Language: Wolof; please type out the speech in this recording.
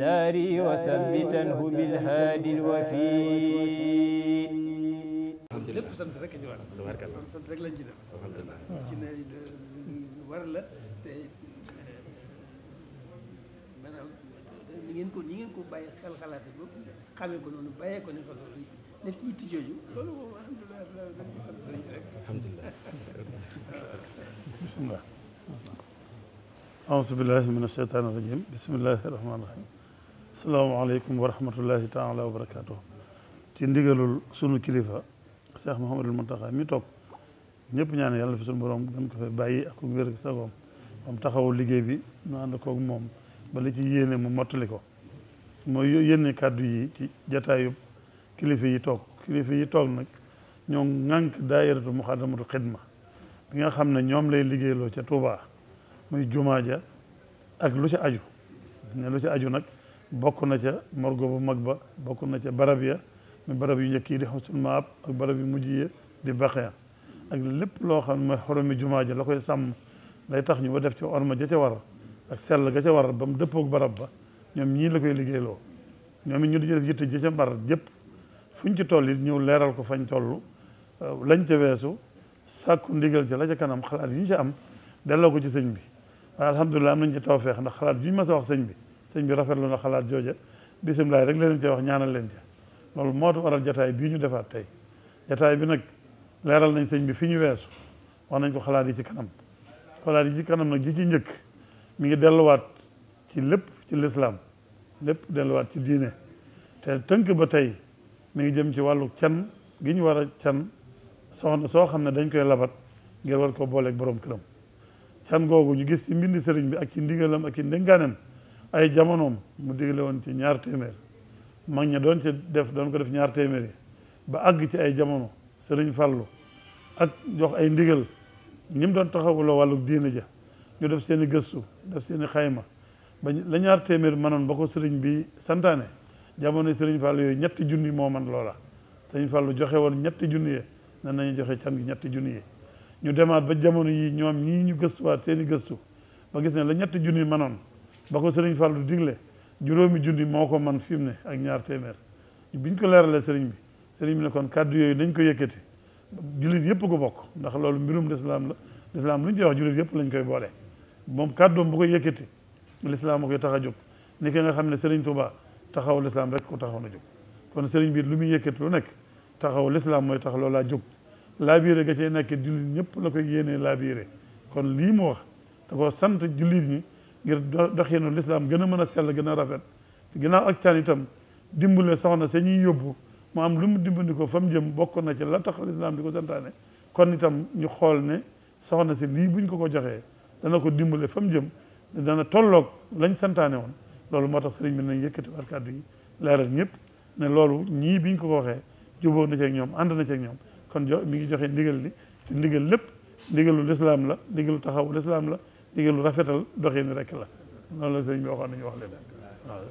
داري وثبته بالهادي الوفي lépp sant rek ci war sant rek lañ ci def ci ne war la te maanaam ni ngeen ko ni ngeen ko bàyyi xel xalaate ko xamee ko noonu bàyyee ko ne ko loolu def ci itti jooju loolu moom alhamdulilah alhamdulilah rek auzu billahi min asheytaani irajim bismillahi rahmaani rahim asalaamaaleykum wa rahmatullahi taala wa ci ndigalul sunu kilifa Cheikh Mouhamadul Mountakha mi toog ñëpp ñaan yàlla fi sunu ko bàyyi ak wér ak liggéey bi nu ànd koog moom ba li ci yéene mu mottali ko mooy yéene kàddu yi ci jataayu kilifa yi toog kilifa yi toog nag ñoo ŋànk daayiratu muxaddamatu xidma bi nga xam ne ñoom lay liggéeyloo ca Touba muy jumaa ja ak lu ci aju ne lu ci aju nag bokk na ca morgo bu mag ba bokk na ca barab ya muy barab yu njëkk yi di xasul maab ak barab yu mujj yi di baqeya ak lépp loo xam ne xoromi jumaa ja la koy sàmm lay tax ñu ba def ci orma ja ca war ak sell ga ca war ba mu dëppook barab ba ñoom ñii la koy liggéeyloo ñoom it ñu di def yitte ji ca mbar jëpp fu ñu ci toll it ñëw leeral ko fañ toll lañ ca weesu sàkku ndigal ci la ca kanam xalaat yi ñu ca am delloo bi waaye alhamdulilah am nañ ci tawfeex ndax xalaat ju ñu ma a wax sëñ bi sëñ bi rafetlu na xalaat jooja bisimilah rek leen ci wax ñaanal leen ca loolu moo waral jataay bii ñu defaat tey jataay bi nag leeral nañ sëñ bi fi ñu weesu wax nañ ko xalaat yi ci kanam xalaat yi ci kanam nag ji ci njëkk mi ngi delluwaat ci lépp ci lislaam lépp delluwaat ci diine te tënk ba tey mi ngi jëm ci wàllu can gi ñu war a can soxna soo xam ne dañ koy labat ngir war ko booleeg borom këram can googu ñu gis ci mbind sëriñ bi ak ci ndigalam ak ci ndénkaanam ay jamonoom mu digle woon ci ñaar téeméer mag ña doon ci def doon ko def ñaar téeméer yi ba àgg ci ay jamono sëriñ Fallu ak jox ay ndigal ñi mu doon taxawuloo wàllu diina ja ñu def seen i gëstu def seen i xayma ba la ñaar téeméer manoon ba ko sëriñ bi santaane jamono sëriñ Fallu yooyu ñetti junni moom man loola sëriñ Fallu joxe woon ñetti junni yee nan nañu joxe can gi ñetti junni yee ñu demaat ba jamono yi ñoom ñii ñu gëstuwaat seen i gëstu ba gis ne la ñetti junni manoon ba ko sëriñ Fallou digle juróomi junni moo ko man fi mu ne ak ñaar téeméer biñ ko leeralee sëriñ bi sëriñ bi ne kon kàddu yooyu nañ ko yëkkati jullit yëpp ko bokk ndax loolu mbirum lislaam la lislaam lu ñu ci wax jullit yëpp lañ koy boole moom kàddoom bu koy yëkkati lislaam a koy tax a jóg ni ki nga xam ne sëriñ Touba taxaw lislaam rek ko taxaw na jóg kon sëriñ bi lu muy yëkkati lu nekk taxaw lislaam mooy tax loolaa jóg laabiré ga cay nekk jullit ñëpp la koy yéenee laabiré kon lii mu wax da ko sant jullit ñi ngir doxinu lislaam gën a mën a sell gën a rafet te ginnaaw ak caan itam dimbale soxna sa ñuy yóbbu mu am lu mu dimbandikoo ko fa mu jëm bokk na ci la tax lislaam di ko santaane kon itam ñu xool ne soxna si lii buñ ko ko joxee dana ko dimbale fa mu jëm dana tollook lañ santaane woon loolu moo tax sëriñ bi nañ yëkkati war kàddu yi leeral ñëpp ne loolu ñii biñ ko ko waxee jubóo na ci ñoom ànd na ci ñoom kon jo mi ngi joxe ndigal li te ndigal lépp ndigalu lislaam la ndigalu taxaw lislaam la ndigalu rafetal doxin rek la noonu la sëñ bi waxoon nañu wax leen waaw